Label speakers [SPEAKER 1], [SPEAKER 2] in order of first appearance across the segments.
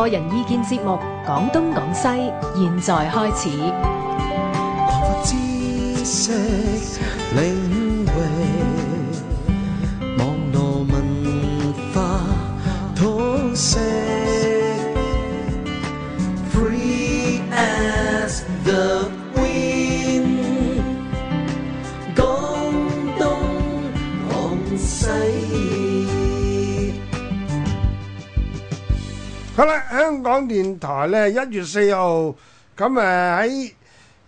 [SPEAKER 1] 個人意見節目《講東講西》，現在開始。
[SPEAKER 2] 香港電台咧一月四號咁誒喺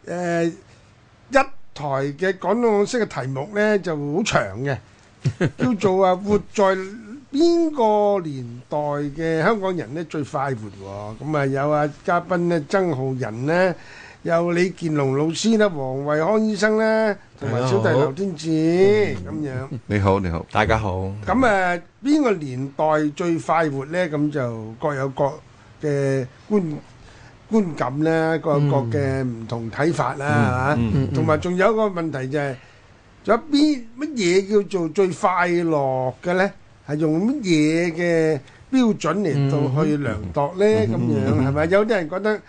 [SPEAKER 2] 誒一台嘅廣東式嘅題目咧就好長嘅， 叫做啊活在邊個年代嘅香港人咧最快活，哦？咁啊有啊嘉賓咧曾浩仁咧，有李健雄老師咧，黃惠康醫生咧，同埋小弟劉天賜咁好樣。
[SPEAKER 1] 你好，你好，嗯、大家好。
[SPEAKER 2] 咁啊，邊呢個年代最快活咧？咁就各有各。嘅觀觀感咧，各各嘅唔同睇法啦嚇，同埋仲有一個問題就係、是，有邊乜嘢叫做最快樂嘅呢？係用乜嘢嘅標準嚟到去量度呢？咁、嗯嗯嗯嗯嗯、樣係咪？有啲人覺得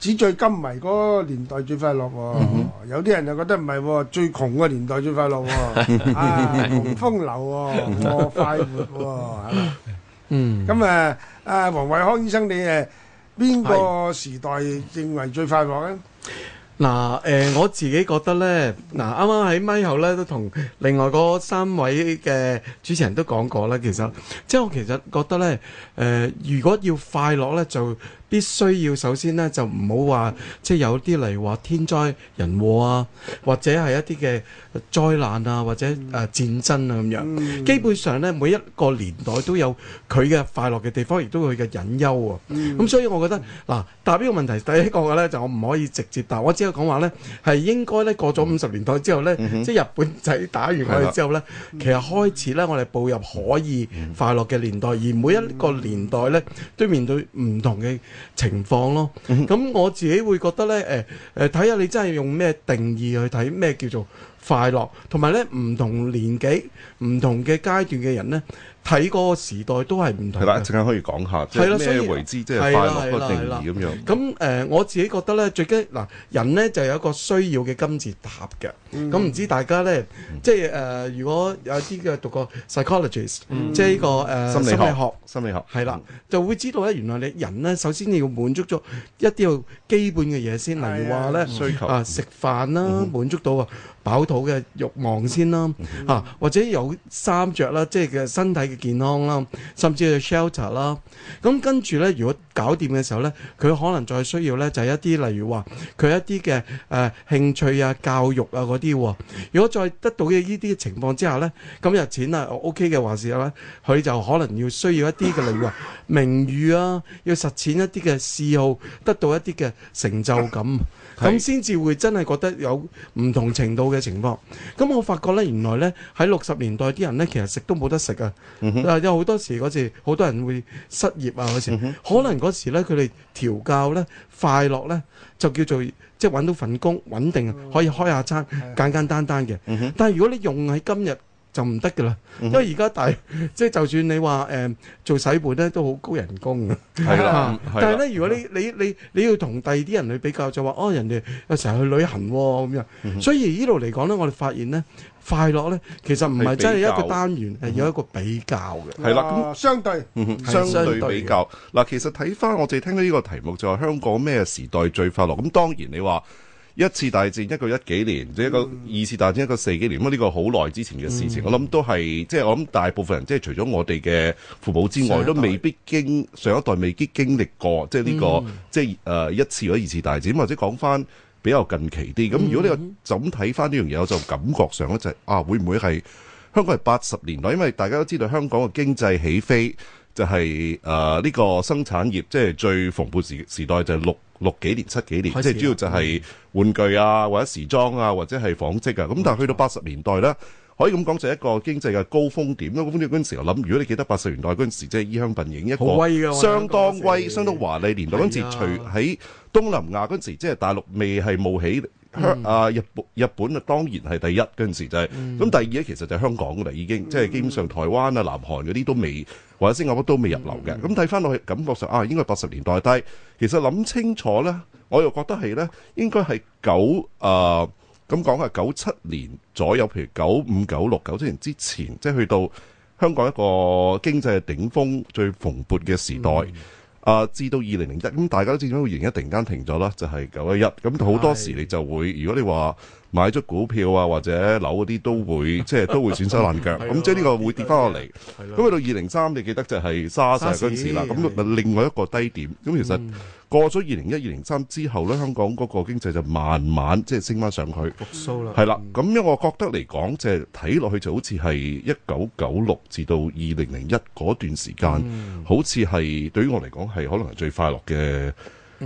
[SPEAKER 2] 紙醉金迷嗰個年代最快樂喎、哦，嗯嗯、有啲人就覺得唔係喎，最窮嘅年代最快樂喎、哦， 啊、風流喎、哦，快活喎、哦。嗯，咁啊，阿黃惠康醫生，你誒邊個時代認為最快樂咧？
[SPEAKER 3] 嗱，誒我自己覺得咧，嗱啱啱喺咪後咧都同另外嗰三位嘅主持人都講過啦。其實即係我其實覺得咧，誒如果要快樂咧，就必須要首先咧就唔好話，即係有啲例如話天災人禍啊，或者係一啲嘅。災難啊，或者誒、呃、戰爭啊咁樣，嗯、基本上呢，每一個年代都有佢嘅快樂嘅地方，亦都有佢嘅隱憂啊。咁、嗯嗯、所以我覺得嗱，答呢個問題第一個嘅呢，就我唔可以直接答，我只係講話呢，係應該呢，過咗五十年代之後呢，即係、嗯嗯、日本仔打完我哋之後呢，嗯嗯、其實開始呢，我哋步入可以快樂嘅年代，而每一個年代呢，都面對唔同嘅情況咯。咁我自己會覺得呢，誒誒睇下你真係用咩定義去睇咩叫做？快樂，同埋咧唔同年紀、唔同嘅階段嘅人咧。睇個時代都係唔同。係啦，
[SPEAKER 4] 陣間可以講下，即係咩為之，即係快樂嗰個定義咁樣。
[SPEAKER 3] 咁誒，我自己覺得咧，最緊嗱人咧就有一個需要嘅金字塔嘅。咁唔知大家咧，即係誒，如果有啲嘅讀過 psychologist，即係呢個誒心理學，心理學係啦，就會知道咧，原來你人咧，首先你要滿足咗一啲基本嘅嘢先，例如話咧需求啊，食飯啦，滿足到飽肚嘅慾望先啦，啊，或者有衫著啦，即係嘅身體。健康啦，甚至係 shelter 啦，咁跟住呢，如果搞掂嘅時候呢，佢可能再需要呢，就係、是、一啲例如話佢一啲嘅誒興趣啊、教育啊嗰啲。如果再得到嘅呢啲情況之下呢，咁日錢啊 OK 嘅話事呢，佢就可能要需要一啲嘅 例如話名譽啊，要實踐一啲嘅嗜好，得到一啲嘅成就感，咁先至會真係覺得有唔同程度嘅情況。咁我發覺呢，原來呢，喺六十年代啲人呢，其實食都冇得食啊！因 有好多時嗰時，好多人會失業啊！嗰時，可能嗰時咧，佢哋調教咧，快樂咧，就叫做即係揾到份工穩定，可以開下餐，簡簡單單嘅。的但係如果你用喺今日就唔得㗎喇，因為而家大即係就算你話誒、嗯、做洗碗咧，都好高人工嘅。係啦，但係咧，如果你你你你要同第二啲人去比較，就話哦，人哋有成日去旅行咁樣。所以呢度嚟講咧，我哋發現咧。快樂呢，其實唔係真係一個單元，係較有一個比較嘅。係啦，咁
[SPEAKER 4] 相對，相對比較。嗱，其實睇翻我哋聽到呢個題目就係、係、香港咩時代最快樂？咁當然你話一次大戰一個一幾年，或者、嗯、一個二次大戰一個四幾年，咁、呢、呢個好耐之前嘅事情。嗯、我諗都係即係我諗大部分人即係、就係、除咗我哋嘅父母之外，都未必經上一代未必經歷過即係呢個即係誒一次或者二次大戰，或者講翻。比較近期啲，咁如果你個怎睇翻呢樣嘢，我就感覺上咧就係、是、啊，會唔會係香港係八十年代？因為大家都知道香港嘅經濟起飛就係誒呢個生產業，即、就、係、是、最蓬勃時時代就係六六幾年、七幾年，即係主要就係玩具啊，或者時裝啊，或者係紡織啊。咁、嗯、但係去到八十年代咧。可以咁講，就係一個經濟嘅高峯點咯。咁跟住嗰陣時候諗，如果你記得八十年代嗰陣時，即係衣香鬢影一個相當威、相當華麗年代嗰陣時，除喺東南亞嗰陣時，即係大陸未係冒起。啊，日本日本啊，當然係第一嗰陣時就係。咁第二咧，其實就係香港嚟已經，即係基本上台灣啊、南韓嗰啲都未，或者新加坡都未入流嘅。咁睇翻落去，感覺上啊，應該係八十年代。但係其實諗清楚咧，我又覺得係咧，應該係九啊。咁講係九七年左右，譬如九五、九六、九七年之前，即係去到香港一個經濟嘅頂峯、最蓬勃嘅時代。啊、嗯呃，至到二零零一，咁大家都知點解會突然間停咗啦，就係九一一。咁好多時你就會，是如果你話。買咗股票啊，或者樓嗰啲都會， 即係都會損失爛腳。咁 的即係呢個會跌翻落嚟。咁去到二零三，你記得就係沙士嗰陣時啦。咁另外一個低點。咁 其實過咗二零一二零三之後呢，香港嗰個經濟就慢慢即係升翻上去，復甦啦。係啦。咁因為我覺得嚟講，即係睇落去就好似係一九九六至到二零零一嗰段時間， 好似係對於我嚟講係可能係最快樂嘅。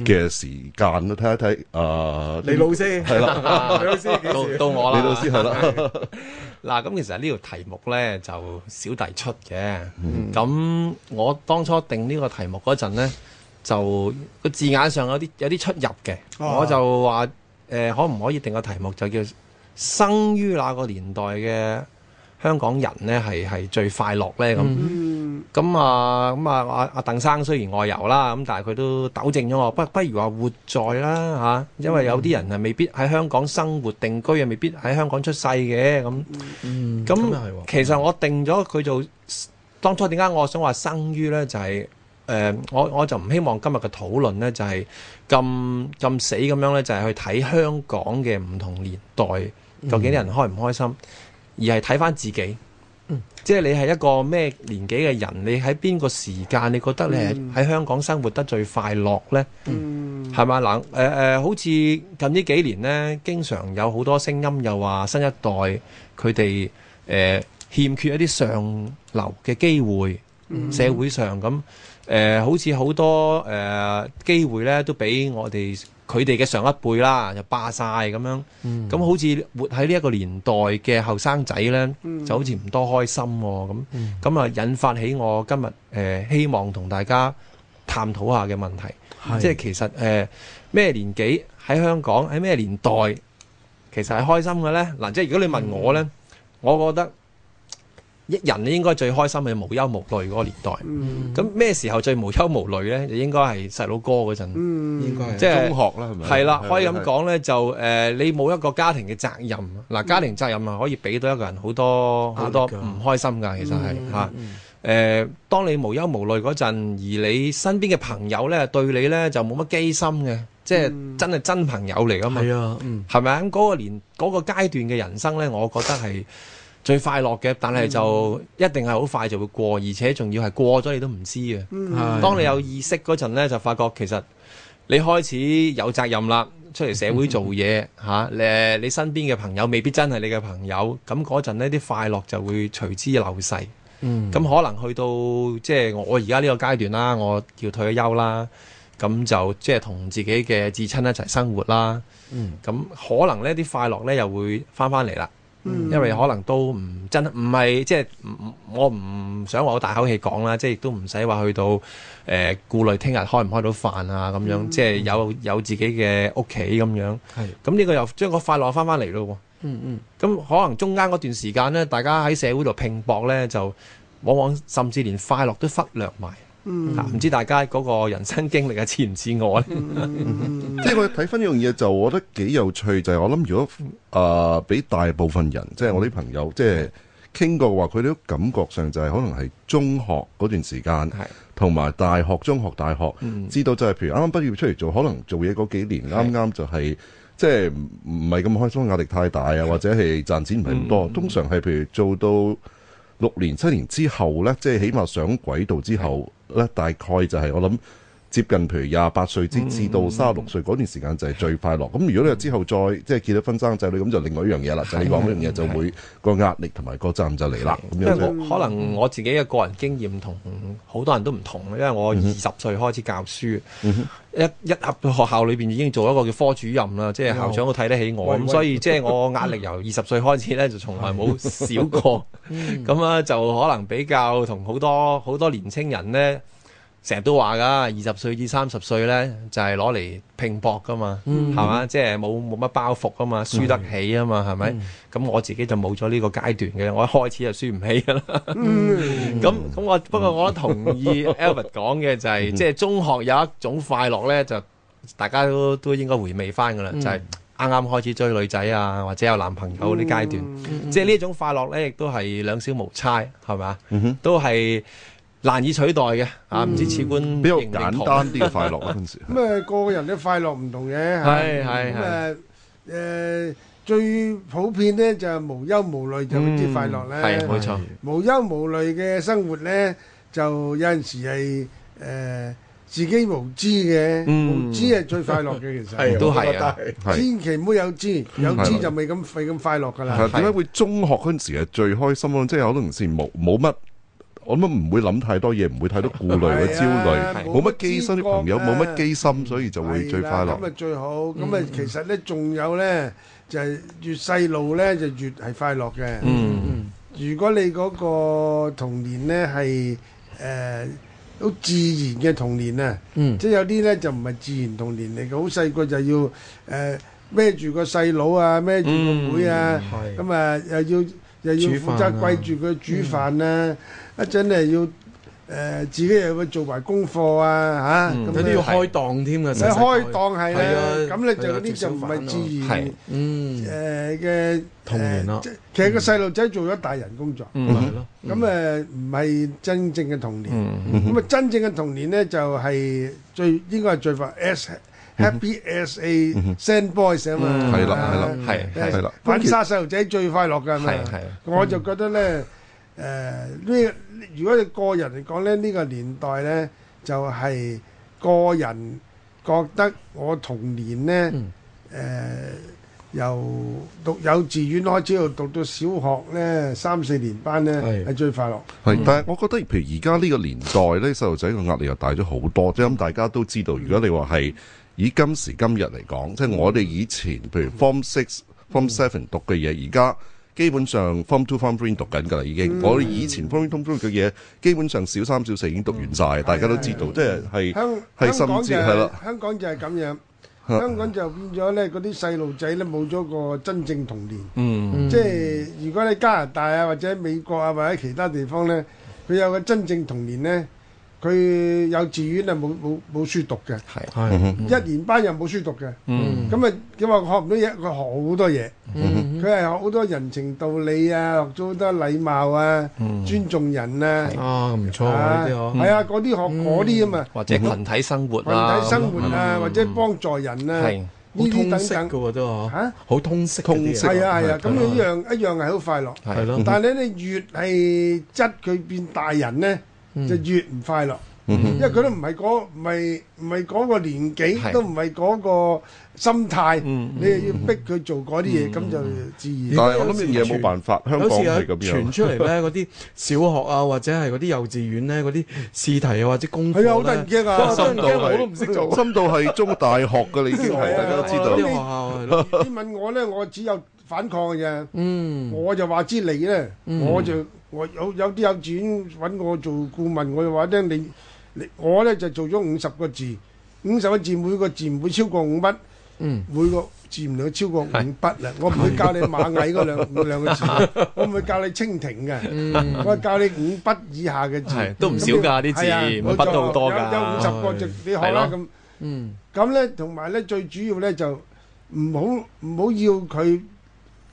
[SPEAKER 4] 嘅時間啦，睇一睇啊，呃、李老師係啦，李老
[SPEAKER 3] 師到，
[SPEAKER 1] 到我啦，李老師係啦。嗱，咁其實呢條題目咧就小弟出嘅。咁、嗯、我當初定呢個題目嗰陣咧，就個字眼上有啲有啲出入嘅。啊、我就話誒、呃，可唔可以定個題目就叫生於那個年代嘅香港人咧，係係最快樂咧咁。嗯咁啊，咁啊，阿阿鄧生雖然外遊啦，咁但係佢都糾正咗我，不不如話活在啦嚇、啊，因為有啲人係未必喺香港生活定居，又未必喺香港出世嘅咁。咁其實我定咗佢做，當初點解我想話生於呢？就係、是、誒、呃，我我就唔希望今日嘅討論呢就係咁咁死咁樣呢，就係、是就是、去睇香港嘅唔同年代究竟啲人開唔開心，嗯、而係睇返自己。嗯，即係你係一個咩年紀嘅人？你喺邊個時間？你覺得你喺香港生活得最快樂呢？嗯，係嘛嗱？誒誒，好似近呢幾年呢，經常有好多聲音又話新一代佢哋誒欠缺一啲上流嘅機會，社會上咁誒，好似好多誒機會呢都俾我哋。佢哋嘅上一輩啦，就霸晒，咁樣，咁、嗯、好似活喺呢一個年代嘅後生仔呢，嗯、就好似唔多開心喎、啊，咁咁啊引發起我今日誒、呃、希望同大家探討下嘅問題，是即係其實誒咩、呃、年紀喺香港喺咩年代其實係開心嘅呢？嗱、啊，即係如果你問我呢，嗯、我覺得。人咧應該最開心係無憂無慮嗰個年代。咁咩時候最無憂無慮咧？就應該係細佬哥嗰陣。
[SPEAKER 3] 應該係即係中學啦，係咪？係啦，可以咁講
[SPEAKER 1] 咧，就誒，你冇一個家庭嘅責任。嗱，家庭責任啊，可以俾到一個人好多好多唔開心噶，其實係嚇。誒，當你無憂無慮嗰陣，而你身邊嘅朋友咧對你咧就冇乜機心嘅，即係真係真朋友嚟㗎嘛。係啊，嗯，係咪啊？嗰個年嗰個階段嘅人生咧，我覺得係。最快樂嘅，但係就一定係好快就會過，而且仲要係過咗你都唔知嘅。嗯，當你有意識嗰陣呢，就發覺其實你開始有責任啦，出嚟社會做嘢吓。誒、嗯啊，你身邊嘅朋友未必真係你嘅朋友，咁嗰陣呢啲快樂就會隨之流逝。嗯，咁可能去到即係、就是、我而家呢個階段啦，我叫退咗休啦，咁就即係同自己嘅至親一齊生活啦。嗯，咁可能呢啲快樂呢，又會翻翻嚟啦。嗯、因為可能都唔真，唔係即係，我唔想話我大口氣講啦，即係亦都唔使話去到誒、呃、顧慮聽日開唔開到飯啊咁樣，嗯、即係有有自己嘅屋企咁樣。係是，咁呢個又將個快樂翻翻嚟咯喎。嗯嗯，咁可能中間嗰段時間呢，大家喺社會度拼搏呢，就往往甚至連快樂都忽略埋。嗯，唔知大家嗰個人生經歷啊，似唔似我咧？
[SPEAKER 2] 即
[SPEAKER 4] 係我睇翻呢樣嘢，就是、我就覺得幾有趣，就係、是、我諗，如果誒俾、呃、大部分人，即、就、係、是、我啲朋友，即係傾過話，佢哋都感覺上就係可能係中學嗰段時間，同埋是大學、中學、大學，知道、嗯、就係譬如啱啱畢業出嚟做，可能做嘢嗰幾年，啱啱就係即係唔係咁開心，壓力太大啊，或者係賺錢唔係咁多。嗯、通常係譬如做到六年七年之後咧，即、就、係、是、起碼上軌道之後。咧，大概就係我諗。接近譬如廿八歲直至到三十六歲嗰段時間就係最快樂。咁如果你之後再即係結咗婚生仔女，咁就另外一樣嘢啦。就你講嗰樣嘢就會個壓力同埋個責任就嚟啦。因為
[SPEAKER 1] 可能我自己嘅個人經驗同好多人都唔同，因為我二十歲開始教書，一入到學校裏邊已經做一個叫科主任啦，即係校長都睇得起我。咁所以即係我壓力由二十歲開始咧，就從來冇少過。咁啊，就可能比較同好多好多年青人呢。成日都話噶，二十歲至三十歲呢，就係攞嚟拼搏噶嘛，係嘛？即係冇冇乜包袱噶嘛，輸得起啊嘛，係咪？咁我自己就冇咗呢個階段嘅，我一開始就輸唔起噶啦。咁咁我不過我都同意 Albert 講嘅就係，即係中學有一種快樂呢，就大家都都應該回味翻噶啦，就係啱啱開始追女仔啊，或者有男朋友嗰啲階段，即係呢種快樂呢，亦都係兩小無猜，係嘛？都係。難以取代嘅嚇，唔知此官比較簡單啲嘅快樂啦。咁
[SPEAKER 2] 啊，個個人嘅快樂唔同嘅。係係。咁啊，最普遍咧就係無憂無慮就先快樂咧。係冇錯。無憂無慮嘅生活咧，就有陣時係誒自己無知嘅，無知係最快樂嘅其實。係，都係。千祈唔好有知，有知就未咁快咁快樂㗎啦。點解
[SPEAKER 4] 會中學嗰陣時係最開心咯？即係可能先冇冇乜。我諗唔會諗太多嘢，唔會太多顧慮嘅焦慮，冇乜機心啲朋友，冇乜機心，啊、所以就會最快樂。咁
[SPEAKER 2] 咪最好。咁咪、嗯、其實咧，仲有咧，就係、是、越細路咧，就越係快樂嘅。嗯嗯。如果你嗰個童年咧係誒好自然嘅童年啊，嗯、即係有啲咧就唔係自然童年嚟嘅，好細個就要誒孭住個細佬啊，孭住個妹啊，咁、嗯、啊又要又要，又要負，負責跪住佢煮飯啊。嗯一陣係要誒自己又會做埋功課啊嚇，咁都要開
[SPEAKER 3] 檔添㗎！使
[SPEAKER 2] 開檔係啊，咁你就啲就唔係自然嘅，誒嘅童年咯。即係其實個細路仔做咗大人工作，咁誒唔係真正嘅童年。咁啊真正嘅童年咧就係最應該係最快，Happy as a Sand Boys 啊嘛，係咯係咯係係咯，揾沙細路仔最快樂㗎嘛。我就覺得咧。誒呢、呃？如果你個人嚟講咧，呢、這個年代咧，就係、是、個人覺得我童年咧，誒、嗯呃、由讀幼稚園開始又讀到小學咧，三四年班咧係是最快樂。係，但係我覺得
[SPEAKER 4] 譬如而家呢個年代咧，細路仔個壓力又大咗好多。即咁，大家都知道，如果你話係以今時今日嚟講，嗯、即係我哋以前譬如 form six、嗯、form seven 讀嘅嘢，而家基本上 form two form three 讀緊㗎啦。嗯、已經我以前 form one form two 嘅嘢基本上小三、小四已經讀完晒。大家都知道，嗯、即係係係甚至係咯。
[SPEAKER 2] 香港就係咁樣，es 香港就變咗咧，嗰啲細路仔咧冇咗個真正童年。嗯，即係如果你加拿大啊，或者美國啊，或者其他地方咧，佢有個真正童年咧。呢佢幼稚園咧冇冇冇書讀嘅，係，一年班又冇書讀嘅，咁啊，佢話學唔到嘢，佢學好多嘢，佢係學好多人情道理啊，學咗好多禮貌啊，尊重人啊，啊，
[SPEAKER 1] 唔錯嗰啲係啊，
[SPEAKER 2] 嗰啲學嗰啲啊嘛，或者群
[SPEAKER 1] 體生活，群體生活啊，或
[SPEAKER 2] 者幫助人啊，係，好通識嘅喎，等等吓，
[SPEAKER 1] 好通識，係啊係啊，咁樣一樣
[SPEAKER 2] 一樣係好快樂，係咯，但係你越係質佢變大人咧。就越唔快樂，因為佢都唔係嗰唔係唔係嗰個年紀，都唔係嗰個心態，你又要逼佢做嗰啲嘢，咁就自
[SPEAKER 3] 然。但係我諗啲嘢冇辦法，香港係傳出嚟咧，嗰啲小學啊，或者係嗰啲幼稚園咧，嗰啲試題或者功課啊，好多人驚啊！得人驚我都唔識做。深度係中大學嘅理解，大家都知道。啲學校係咯。
[SPEAKER 2] 你問我咧，我只有反抗嘅啫。嗯。
[SPEAKER 3] 我
[SPEAKER 2] 就話知你咧，我就。我有有啲幼稚園揾我做顧問，我就話咧：你你我咧就做咗五十個字，五十個字每個字唔會超過五筆，每個字唔能夠超過五筆啦。我唔會教你螞蟻嗰兩兩個字，我唔會教你蜻蜓嘅，我係教你五筆以下嘅字，都唔少㗎啲字，筆都好多有五十個字，你學啦咁。嗯，咁咧同埋咧最主要咧就唔好唔好要佢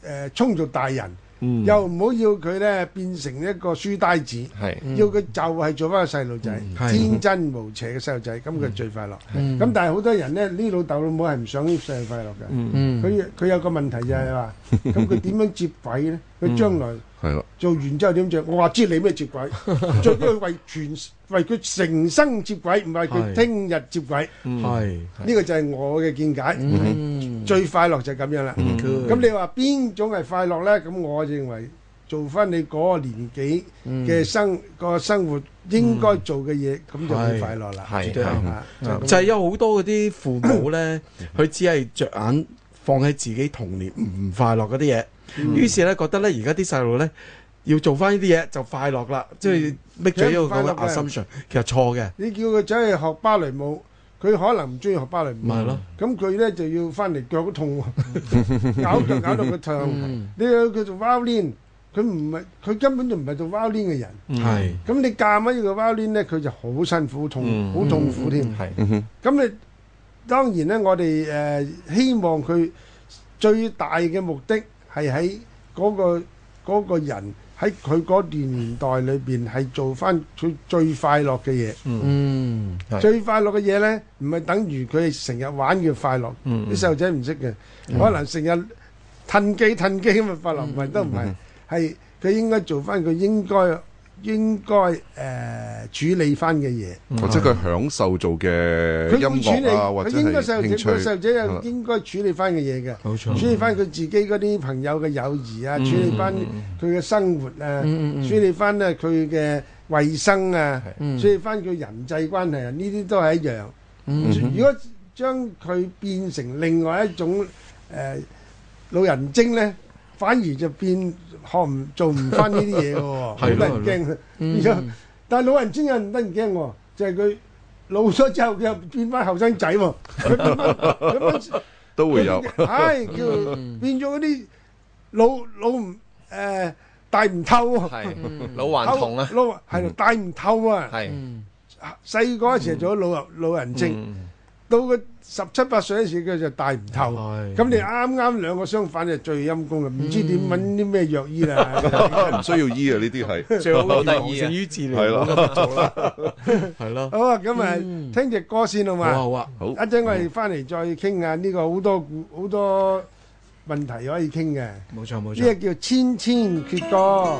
[SPEAKER 2] 誒充做大人。嗯、又唔好要佢咧變成一個書呆子，嗯、要佢就係做翻個細路仔，嗯、天真無邪嘅細路仔，咁佢、嗯、最快樂。咁但係好多人咧，呢老豆老母係唔想啲細路快樂嘅，佢佢、嗯、有個問題就係、是、話。嗯咁佢點樣接軌呢？佢將來係咯，做完之後點著？我話知你咩接軌？最緊要為全為佢成生接軌，唔係佢聽日接軌。係呢個就係我嘅見解。最快樂就係咁樣啦。咁你話邊種係快樂呢？咁我認為做翻你嗰個年紀嘅生個生活應該做嘅嘢，咁就好快樂啦。係啊，就係
[SPEAKER 3] 有好多嗰啲父母呢，佢只係着眼。放喺自己童年唔快樂嗰啲嘢，於是咧覺得咧而家啲細路咧要做翻呢啲嘢就快樂啦，即係逼咗一個個 assumption，其實錯嘅。
[SPEAKER 2] 你叫佢仔去學芭蕾舞，佢可能唔中意學芭蕾舞。咪係咯。咁佢咧就要翻嚟腳好痛，
[SPEAKER 3] 搞腳
[SPEAKER 2] 搞到佢痛。你叫佢做 violin，佢唔係佢根本就唔係做 violin 嘅人。係。咁你夾乜嘢個 violin 咧？佢就好辛苦，痛好痛苦添。係。咁你？當然咧，我哋誒、呃、希望佢最大嘅目的係喺嗰個嗰個人喺佢嗰段年代裏邊係做翻佢最快樂嘅嘢。嗯，最快樂嘅嘢呢，唔係等於佢成日玩嘅快樂。啲細路仔唔識嘅，可能成日騰機騰機咁啊，快樂，唔係都唔係，係佢、嗯嗯嗯、應該做翻佢應該。應該誒、呃、處理翻嘅嘢，嗯、或者佢
[SPEAKER 4] 享受做嘅音樂啊，或者興趣。個細路仔又應
[SPEAKER 2] 該處理翻嘅嘢嘅，冇錯。處理翻佢自己嗰啲朋友嘅友誼啊，嗯、處理翻佢嘅生活啊，嗯嗯、處理翻咧佢嘅衞生啊，嗯、處理翻佢人際關係啊，呢啲都係一樣。嗯、哼如果將佢變成另外一種誒、呃、老人精咧？反而就變學唔做唔翻呢啲嘢嘅喎，好得人驚。 但係老人精又唔得人驚喎，就係、是、佢老咗之後，佢又變翻後生仔喎。
[SPEAKER 4] 都會有，係叫變
[SPEAKER 2] 咗嗰啲老老唔，誒大唔透啊，老頑童啊，係大唔透啊，細個嗰時就做咗老，老人老人精。嗯嗯到個十七八歲嗰時，佢就大唔透。咁你啱啱兩個相反就最陰功啦，唔知點揾啲咩藥醫啦，
[SPEAKER 4] 唔需要醫啊！呢啲係最好得意啊，係啦，係
[SPEAKER 3] 咯。好啊，
[SPEAKER 2] 咁啊，聽隻歌先好嘛。好啊，好。一陣我哋翻嚟再傾下呢個好多好多問題可以傾嘅。
[SPEAKER 3] 冇錯冇錯。呢
[SPEAKER 2] 個叫千千闕歌。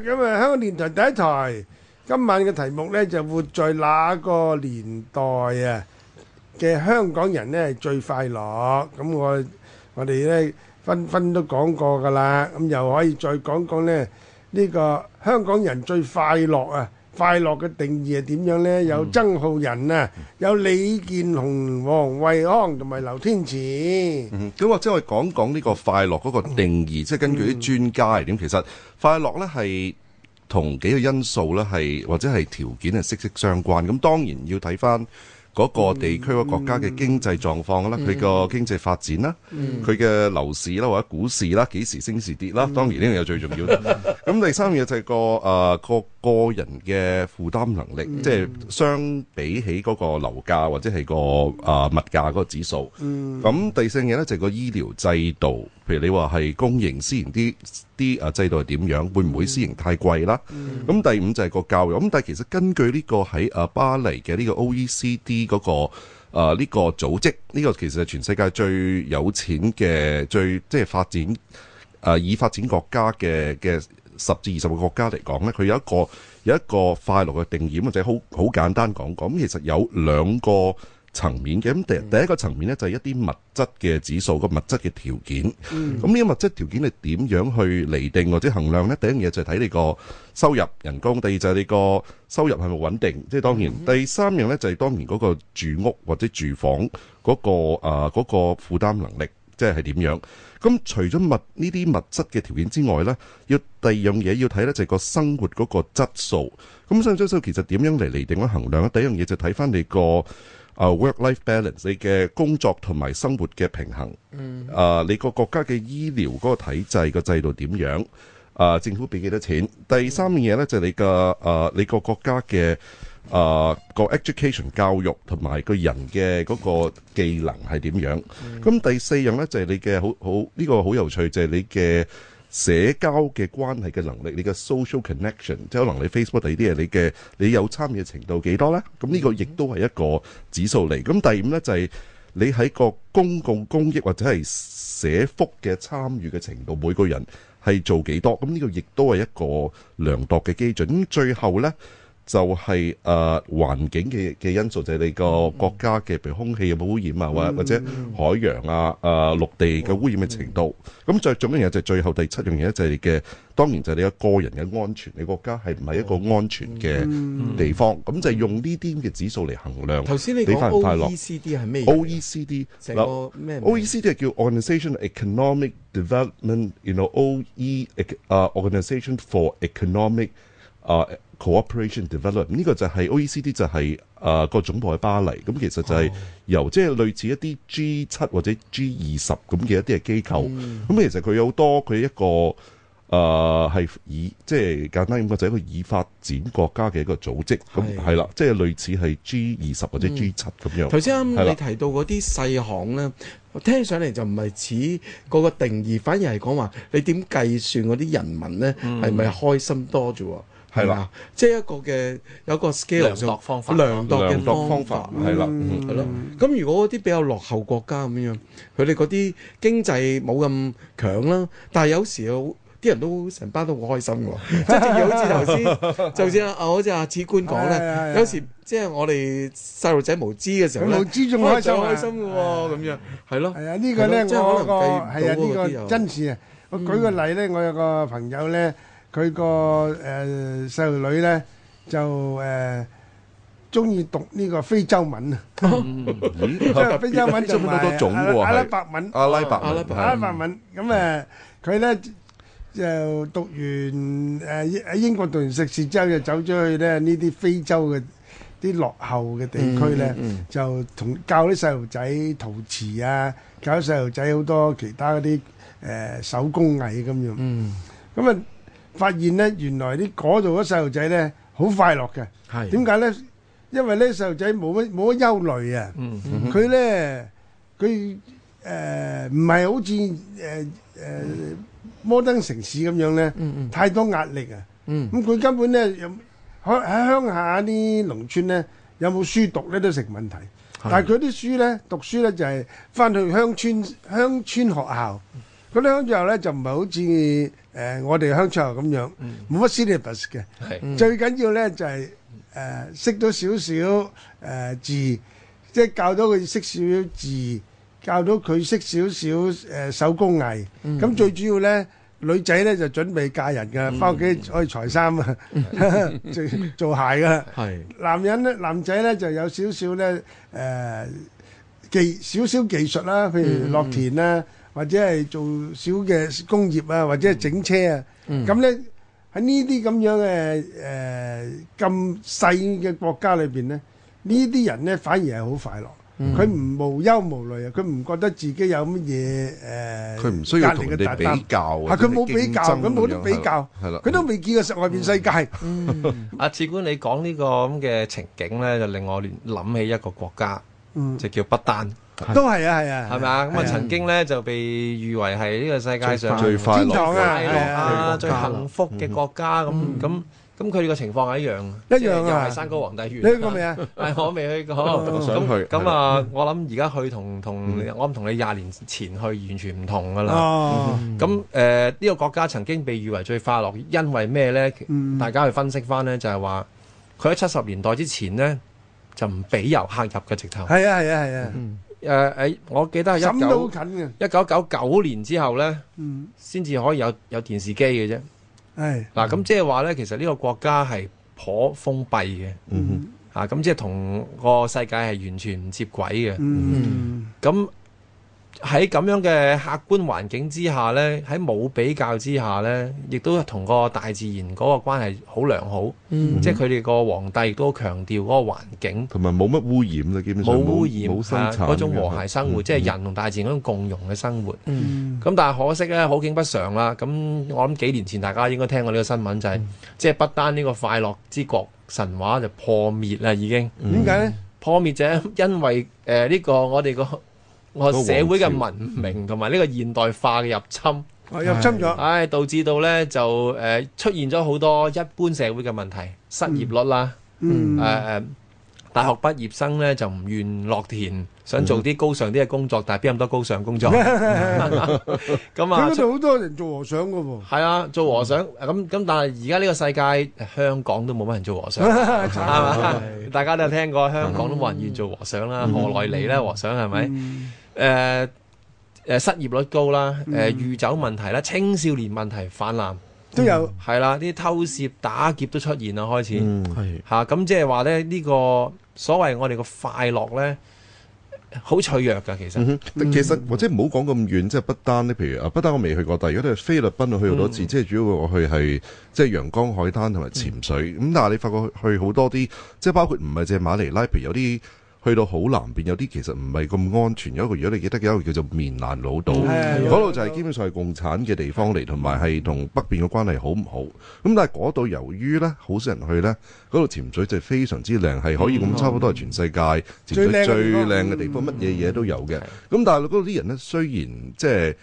[SPEAKER 2] 咁啊、嗯，香港電台第一台，今晚嘅題目呢，就活在哪個年代啊嘅香港人呢最快樂，咁、嗯、我我哋呢紛紛都講過㗎喇，咁、嗯、又可以再講講呢呢、呢個香港人最快樂啊！快樂嘅定義係點樣呢？有曾浩仁啊，有李健雄、黃惠康同埋劉天賜。
[SPEAKER 4] 咁或者我哋講講呢個快樂嗰個定義，嗯、即係根據啲專家係點。嗯、其實快樂呢係同幾個因素呢係或者係條件係息息相關。咁當然要睇翻嗰個地區或者、嗯嗯、國家嘅經濟狀況啦，佢個、嗯、經濟發展啦，佢嘅、嗯、樓市啦或者股市啦幾時升時跌啦。當然呢個有最重要。咁、嗯、 第三樣就係個誒個。嗯 個人嘅負擔能力，嗯、即係相比起嗰個樓價或者係、嗰個啊、呃、物價嗰個指數。咁、嗯、第四樣嘢咧就係、係、個醫療制度，譬如你話係公營私營啲啲啊制度係點樣？會唔會私營太貴啦？咁、嗯、第五就係個教育。咁、嗯、但係其實根據呢個喺啊巴黎嘅呢個 OECD 嗰、嗰個呢、呃呢個組織，呢、呢個其實係全世界最有錢嘅、最即係、即係、發展啊已、呃、發展國家嘅嘅。十至二十個國家嚟講呢，佢有一個有一個快樂嘅定義，或者好好簡單講講。其實有兩個層面嘅。咁第第一個層面呢，就係一啲物質嘅指數，個物質嘅條件。咁呢個物質條件你點樣去厘定或者衡量呢？第一樣嘢就係睇你個收入人工。第二就係你個收入係咪穩定？即係當然。嗯、哼第三樣呢，就係當然嗰個住屋或者住房嗰個啊嗰個負擔能力。即係點樣咁？除咗物呢啲物質嘅條件之外呢，要第二樣嘢要睇呢，就係、是、個生活嗰個質素。咁生活質素其實點樣嚟嚟定樣衡量咧？第一樣嘢就睇返你個啊、uh, work life balance 你嘅工作同埋生活嘅平衡。嗯啊，你個國家嘅醫療嗰個體制個制度點樣啊？政府俾幾多錢？第三樣嘢呢，就係、你個啊、uh, 你個國家嘅。啊，個、uh, education 教育同埋個人嘅嗰個技能係點樣？咁、嗯、第四樣呢，就係、是、你嘅好好呢、呢個好有趣就係、是、你嘅社交嘅關係嘅能力，你嘅 social connection，即係可能你 Facebook 第啲嘢，你嘅你有參與程度幾多呢？咁呢個亦都係一個指數嚟。咁第五呢，就係、是、你喺個公共公益或者係社福嘅參與嘅程度，每個人係做幾多？咁呢個亦都係一個量度嘅基準。咁最後呢。就係、是、誒、呃、環境嘅嘅因素，就係、是、你個國家嘅，譬如空氣有冇、嗯、污染啊，或者，或者海洋啊、誒、呃、陸地嘅污染嘅程度。咁再仲一樣就係最後第七樣嘢，就係嘅當然就係你個人嘅安全。你國家係唔係一個安全嘅地方？咁、嗯嗯嗯、就係用呢啲嘅指數嚟衡量。頭先、嗯嗯、你講 O E C D 係咩？O E C D O E C D 係叫 Organization Economic Development，你個 O E 誒 Organization for Economic 啊、uh,。Cooperation Development 呢個就係 OECD 就係啊個總部喺巴黎，咁、嗯嗯、其實就係由即係、就是、類似一啲 G 七或者 G 二十咁嘅一啲嘅機構，咁、嗯嗯嗯、其實佢有多佢一個啊係、呃、以即係、就是、簡單咁講就係一個以發展國家嘅一個組織，咁係啦，即係、嗯、類似係 G 二十或者 G 七咁樣。頭先、嗯、你
[SPEAKER 3] 提到嗰啲細行咧，我聽上嚟就唔係似嗰個定義，反而係講話你點計算嗰啲人民咧係咪開心多啫？嗯係啦，即係一個嘅有個 scale 量度方法，量度嘅方法係啦，係咯。咁如果啲比較落後國家咁樣，佢哋嗰啲經濟冇咁強啦，但係有時候啲人都成班都好開心㗎，即係好似頭先，就算啊，好似阿浩仁講咧，有時即係我哋細路仔無知嘅時候咧，無知仲開心開心㗎喎，咁樣係咯。係啊，呢個咧即係可能計唔到，呢個真
[SPEAKER 2] 事啊。我舉個例
[SPEAKER 3] 咧，我有個朋
[SPEAKER 2] 友咧。佢個誒細路女咧就誒中意讀呢個非洲文啊，即係非洲文仲有好多種啊，阿拉伯文。阿拉伯文，阿拉伯文咁誒，佢咧就讀完誒喺英國讀完碩士之後，就走咗去咧呢啲非洲嘅啲落後嘅地區咧，就同教啲細路仔陶瓷啊，教啲細路仔好多其他嗰啲誒手工藝咁樣。嗯咁啊～發現咧，原來啲嗰度嘅細路仔咧好快樂嘅。點解咧？因為咧細路仔冇乜冇乜憂慮啊。佢咧佢誒唔係好似誒誒摩登城市咁樣咧，嗯嗯、太多壓力啊。咁佢、嗯、根本咧又喺喺鄉下啲農村咧，有冇書讀咧都成問題。的但係佢啲書咧，讀書咧就係、是、翻去鄉村鄉村學校。嗰啲鄉村又咧就唔係好似誒，我哋鄉村又咁樣，冇乜 services 嘅。最緊要咧就係誒識到少少誒字，即係教到佢識少少字，教到佢識少少誒手工藝。咁最主要咧，女仔咧就準備嫁人㗎，翻屋企可以裁衫啊，做做鞋㗎。男人咧，男仔咧就有少少咧誒技少少技術啦，譬如落田啦。或者係做小嘅工業啊，或者係整車啊，咁咧喺呢啲咁樣嘅誒咁細嘅國家裏邊呢，呢啲人呢反而係好快樂，佢唔、mm. 無憂無慮啊，佢唔覺得自己有乜嘢誒，佢、呃、唔需要同人哋比較，係佢冇比較，佢冇得比較，係啦，佢都未見過外邊世界。阿 、
[SPEAKER 1] 啊、賜官，你講呢個咁嘅情景咧，就令我諗起一個國家，就是、叫不丹。都係啊，係啊，係咪啊？咁啊，曾經咧就被譽為係呢個世界上最快樂啊、最幸福嘅國家。咁咁咁，佢個情況係一樣，一樣又係山高皇帝遠。你去過未啊？我未去過，想去。咁啊，我諗而家去同同我諗同你廿年前去完全唔同噶啦。咁誒，呢個國家曾經被譽為最快樂，因為咩咧？大家去分析翻咧，就係話佢喺七十年代之前呢，就唔俾遊客入嘅直頭。係啊，係啊，係啊。誒誒、呃，我記得係一九一九九九年之後咧，先至、嗯、可以有有電視機嘅啫。係嗱唉，咁即係話咧，其實呢個國家係頗封閉嘅，嚇咁即係同個世界係完全唔接軌嘅。嗯，咁、嗯。嗯。喺咁樣嘅客觀環境之下呢，喺冇比較之下呢，亦都同個大自然嗰個關係好良好，嗯、即係佢哋個皇帝都強調嗰個環境，
[SPEAKER 4] 同埋冇乜污染，基本上冇污染，冇嗰沒、啊、種和諧生活，即係、嗯、人
[SPEAKER 1] 同大自然嗰種共融嘅生活。咁、嗯、但係可惜呢，好景不常啦。咁我諗幾年前大家應該聽過呢個新聞，就係、是嗯、即係不單呢個快樂之國神話就破滅啦，已經點解呢？破滅者因為誒呢個我哋個。 社會嘅文明同埋呢個現代化嘅入侵，入侵咗，唉，導致到呢就誒出現咗好多一般社會嘅問題，失業率啦，誒，大學畢業生呢就唔願落田，想做啲高尚啲嘅工作，但係邊咁多高尚工作？咁啊，嗰度
[SPEAKER 2] 好多人做和尚噶喎，
[SPEAKER 1] 係啊，做和尚，咁咁，但係而家呢個世界香港都冇乜人做和尚，大家都有聽過，香港都冇人願做和尚啦，何來你呢？和尚係咪？誒誒、呃呃、失業率高啦，誒、呃、酗酒問題啦，青少年問題泛濫，都有係啦，啲偷竊打劫都出現啦，開始係嚇咁，即係話咧呢、呢個所謂我哋個快樂咧，好脆弱噶其實。嗯嗯嗯、其
[SPEAKER 4] 實或者唔好講咁遠，即係不丹呢。譬如啊，不丹我未去過，但如果你係菲律賓去好多次。嗯嗯、即係主要我去係即係陽光海灘同埋潛水。咁、嗯、但係你發覺去好多啲，即係包括唔係淨係馬尼拉，譬如有啲。去到好南邊有啲其實唔係咁安全，有一個如果你記得嘅一個叫做棉蘭老島，嗰度、啊、就係基本上係共產嘅地方嚟，同埋係同北邊嘅關係好唔好？咁但係嗰度由於咧好少人去咧，嗰度潛水就非常之靚，係可以咁差唔多係全世界、嗯嗯、潛水最靚嘅地方，乜嘢嘢都有嘅。咁、嗯嗯、但係嗰度啲人咧雖然即係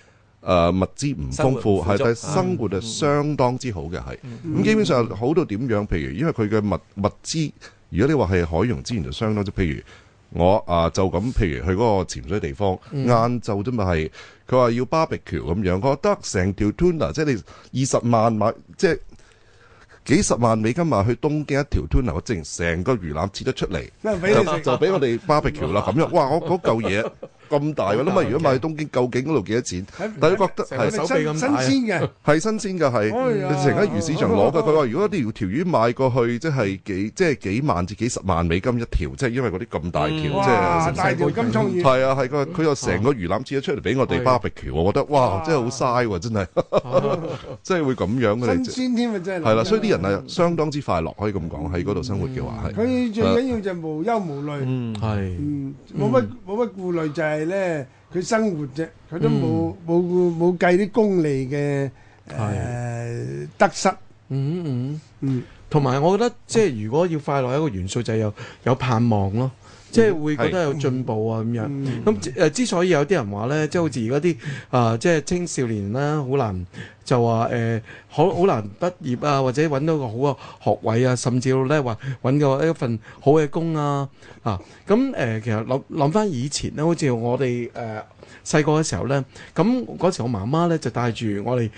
[SPEAKER 4] 誒物資唔豐富，係，但係生活係相當之好嘅，係。咁、嗯嗯、基本上好到點樣？譬如因為佢嘅物物資，如果你話係海洋資源就相當之，之譬如。譬如我啊就咁，譬如去嗰個潛水地方，晏晝啫嘛，係佢話要 BBQ 咁樣，我覺得成條 tuna，即係你二十萬買，即係幾十萬美金嘛，去東京一條 tuna，我整成個魚腩切得出嚟，就俾我哋 BBQ 啦，咁 樣，哇！我我夠嘢。咁大，我諗啊，如果買去東京，究竟嗰度幾多錢？大家覺得係新新鮮嘅，係新鮮嘅係。成間魚市場攞嘅，佢話如果啲條魚買過去，即係幾即係幾萬至幾十萬美金一條，即係因為嗰啲咁大條，即係大條金槍魚。係啊，係個佢又成個魚腩切咗出嚟俾我哋 BBQ，我覺得哇，真係好嘥喎，真係，真係會咁樣嘅。新鮮
[SPEAKER 2] 添啊，真係。係啦，所以啲人
[SPEAKER 4] 係相當之快樂，可以咁講，喺嗰度生活嘅話係。佢最
[SPEAKER 2] 緊要就係無憂無慮，冇乜冇乜顧慮就係。係咧，佢生活啫，佢都冇冇冇計啲功利嘅誒，
[SPEAKER 3] 得失。嗯嗯嗯。同、嗯、埋，嗯、我覺得即係、就是、如果要快樂，一個元素就係、是、有有盼望咯。嗯、即係會覺得有進步啊咁、嗯、樣，咁誒、嗯呃、之所以有啲人話咧，即係好似而家啲啊，即係青少年啦，好難就話誒，好、呃、好難畢業啊，或者搵到個好嘅學位啊，甚至呢到咧話搵個一份好嘅工啊，啊，咁誒、呃、其實諗諗返以前咧，好似我哋誒細個嘅時候咧，咁嗰時我媽媽咧就帶住我哋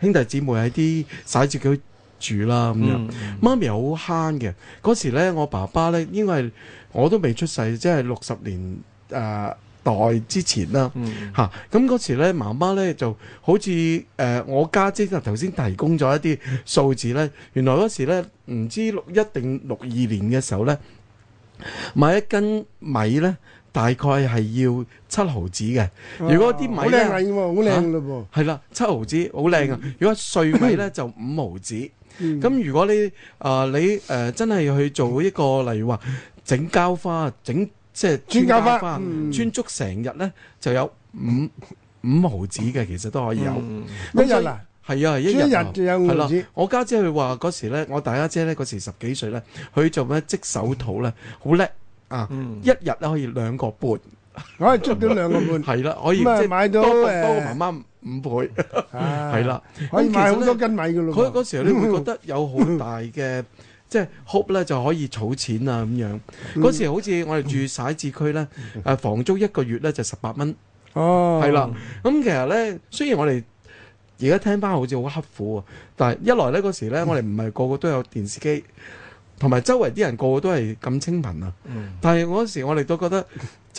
[SPEAKER 3] 兄弟姊妹喺啲細節叫。住啦咁樣，嗯、媽咪好慳嘅。嗰時咧，我爸爸咧，因為我都未出世，即係六十年誒、呃、代之前啦，嚇、嗯。咁嗰、啊、時咧，媽媽咧就好似誒、呃、我家姐就頭先提供咗一啲數字咧。原來嗰時咧，唔知六一定六二年嘅時候咧，買一斤米咧，大概係要七毫子嘅。如果啲米好靚嘅噃，好靚嘅噃，係啦，七毫子好靚啊！嗯、如果碎米咧，就五毫子。 咁、嗯、如果你啊、呃、你誒、呃、真係去做一個例如話整膠花，整即係穿膠花，穿、嗯、足成日咧就有五五毫子嘅，其實都可以有。嗯、一日嗱係啊，一啊日就有毫子、啊、我家姐佢話嗰時咧，我大家姐咧嗰時十幾歲咧，佢做咩織手套咧，好叻啊！嗯嗯、一日咧可以兩個半。我係賺到兩個半，係啦， 可以咁啊，買了多多媽媽五倍，係 啦的、啊，可以買好多斤米噶咯。佢嗰時候你會覺得有好大嘅， 即係 hope 咧就可以儲錢啊咁樣。嗰 時好似我哋住徙置區咧，誒， 房租一個月咧就十八蚊，哦，係啦。咁其實咧，雖然我哋而家聽翻好似好刻苦啊，但係一來咧嗰時咧，我哋唔係個個都有電視機，同埋周圍啲人個個都係咁清貧啊。 但係嗰時我哋都覺得。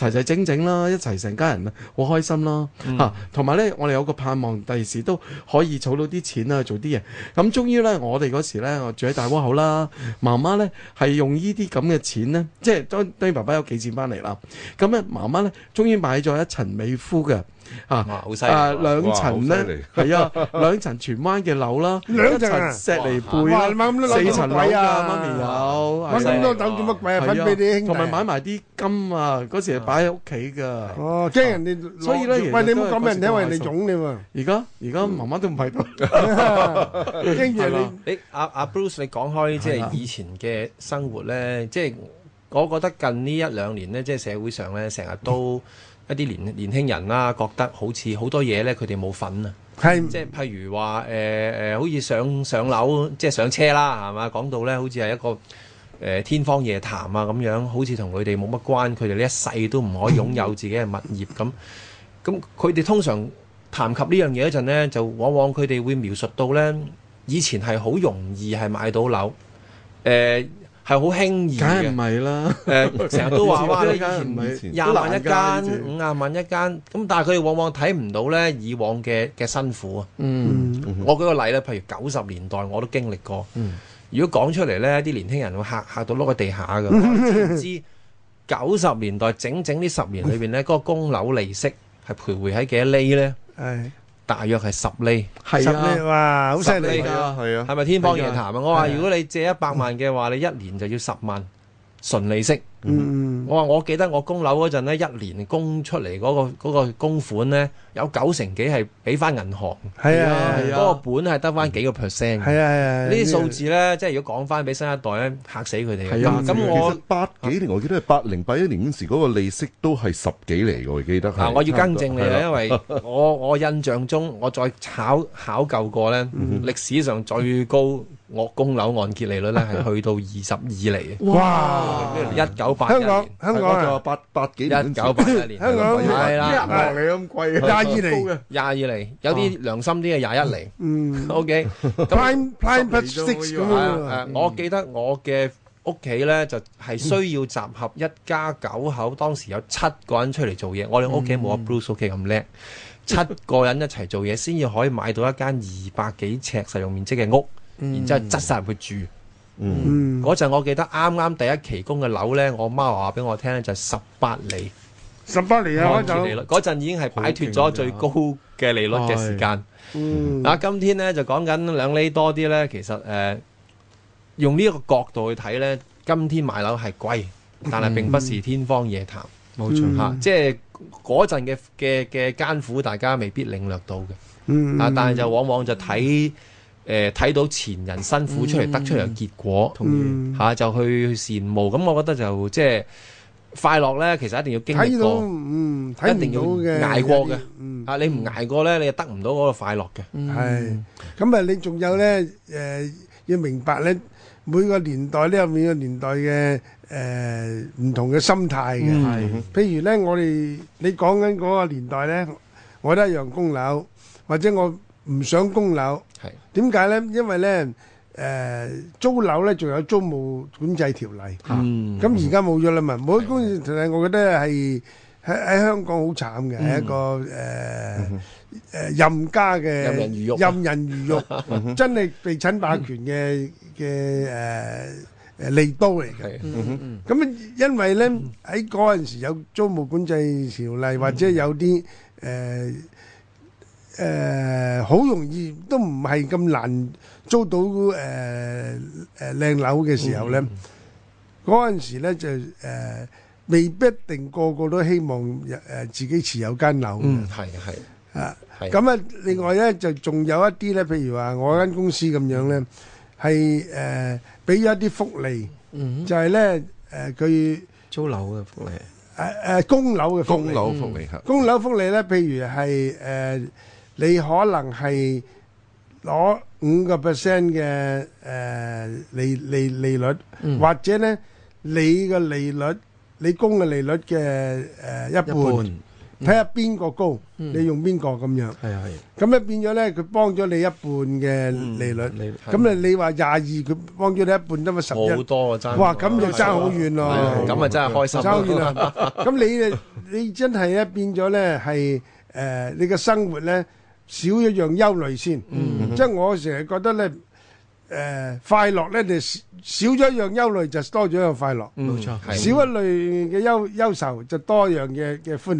[SPEAKER 3] 齊齊整整啦，一齊成家人啦，好開心啦嚇！同埋咧，我哋有個盼望，第時都可以儲到啲錢啦，做啲嘢。咁、嗯、終於咧，我哋嗰時咧，我住喺大窩口啦，媽媽咧係用呢呢呢啲咁嘅錢咧，即係當當然爸爸有幾錢翻嚟啦。咁、嗯、咧，媽媽咧終於買咗一層美孚嘅。啊！啊，兩層咧，係啊，兩層荃灣嘅樓啦，兩層石籬背四層樓啊。媽咪有，買咁多樓
[SPEAKER 2] 做乜鬼啊？同埋買
[SPEAKER 3] 埋啲金啊，嗰時係擺喺屋企噶。哦，驚人哋，所以咧，喂，你唔好咁，人哋，因為你腫你嘛。而家而家媽媽都唔喺度。跟住你，
[SPEAKER 1] 你阿阿 Bruce 你講開即係以前嘅生活咧，即係我覺得近呢一兩年咧，即係社會上咧成日都。一啲年年輕人啦、啊，覺得好似好多嘢呢，佢哋冇份啊！是即係譬如話誒誒，好似上上樓即係上車啦係嘛，講到呢，好似係一個誒、呃、天方夜譚啊咁樣，好似同佢哋冇乜關係，佢哋呢一世都唔可以擁有自己嘅物業咁。咁佢哋通常談及呢樣嘢嗰陣呢，就往往佢哋會描述到呢：以前係好容易係買到樓誒。呃係好輕易嘅、嗯，梗啦？成日都話話呢間，廿萬一間，五廿萬一間。咁、嗯、但係佢哋往往睇唔到呢，以往嘅嘅辛苦啊。嗯，我舉個例咧，譬如九十年代我都經歷過。嗯、如果講出嚟呢，啲年輕人會嚇嚇到碌個地下㗎。但係知唔知九十年代整整呢十年裏邊呢，嗰、嗯、個供樓利息係徘徊喺幾多厘呢？係、哎。大約係十厘，係的啊，哇，
[SPEAKER 2] 好犀利㗎，係啊，係咪、啊、的天方夜談、啊、的我話如果
[SPEAKER 1] 你借一百萬嘅話，的你一年就要十萬。純利息，我話我記得我供樓嗰陣咧，一年供出嚟嗰個嗰個供款呢，有九成幾係俾翻銀行，係啊，嗰個本係得翻幾個 percent。係啊，呢啲數字呢，即係如果講翻俾新一代咧，嚇死佢哋啊！咁我
[SPEAKER 4] 八幾年我記得係八零八一年嗰時嗰個利息都係十幾嚟㗎，我記得。啊，我要更正你啊，因為
[SPEAKER 1] 我我印象中我再考考究過呢，歷史上最高。我供樓按揭利率咧係去到二十二釐，哇！一九八一年香港啊，八八幾一九八一年香港係啦，銀
[SPEAKER 2] 咁貴廿二釐，廿
[SPEAKER 1] 二釐有啲良心啲嘅廿一厘。OK 咁 prime prime 咁我記得我嘅屋企咧就係需要集合一家九口，當時有七個人出嚟做嘢，我哋屋企冇阿 Bruce 屋企咁叻，七個人一齊做嘢先至可以買到一間二百幾尺實用面積嘅屋。然之後，擠曬入去住。嗯，嗰陣我記得啱啱第一期供嘅樓咧，我媽話俾我聽咧，就係十八釐，十八釐啊！嗰陣已經係擺脱咗最高嘅利率嘅時間。嗯，嗱，今天咧就講緊兩釐多啲咧，其實誒，用呢個角度去睇咧，今天買樓係貴，但係並不是天方夜譚。冇錯嚇，即係嗰陣嘅嘅嘅艱苦，大家未必領略到嘅。
[SPEAKER 2] 嗯，啊，但係
[SPEAKER 1] 就往往就睇。誒睇、呃、到前人辛苦出嚟，嗯、得出嚟嘅結果，同下、嗯啊、就去羨慕咁，我覺得就即係快樂咧。其實一定要經歷過到，嗯，一定要捱過嘅。啊，你唔捱過咧，你又得唔到嗰個快樂嘅。嗯，係
[SPEAKER 2] 咁啊。你仲有咧？誒要明白咧，每個年代都有每個年代嘅誒唔同嘅心態嘅。係，譬如咧，我哋你講緊嗰個年代咧，我都一樣供樓，或者我唔想供樓。點解咧？因為咧，誒租樓咧仲有租務管制條例，咁而家冇咗啦嘛。冇咗管制條例，我覺得係喺喺香港好慘嘅，係一個誒誒任家嘅任人魚肉，任人魚肉，真係被陳霸權嘅嘅誒誒利刀嚟嘅。咁因為咧喺嗰陣時有租務管制條例，或者有啲誒。誒好、呃、容易都唔係咁難租到誒誒靚樓嘅時候咧，嗰陣、嗯、時咧就誒、呃、未必定個個都希望誒、呃、自己持有間樓嘅，係係、嗯、啊。咁啊，另外咧就仲有一啲咧，譬如話我間公司咁樣咧，係誒俾咗一啲福利，嗯、哼就係咧誒佢租樓嘅福利，誒誒供樓嘅供樓福利嚇，供樓福利咧，譬如係誒。呃呃你可能係攞五個 percent 嘅誒利利利率，或者咧你嘅利率，你供嘅利率嘅誒一半，睇下邊個高，你用邊個咁樣？係
[SPEAKER 3] 啊係。
[SPEAKER 2] 咁咧變咗咧，佢幫咗你一半嘅利率。咁你你話廿二，佢幫咗你一半，得咪十一好多啊爭。哇！咁就爭好遠咯。咁啊真係開心。爭好遠啊！咁你你真係咧變咗咧係誒你嘅生活咧。少，樣、mm hmm. 呃、少一樣憂慮先，嗯，即係我成日覺得咧，誒快樂咧就少咗一樣憂慮就多咗一樣快樂，冇錯、mm，hmm. 少一類嘅憂憂愁，就多一樣嘅嘅歡。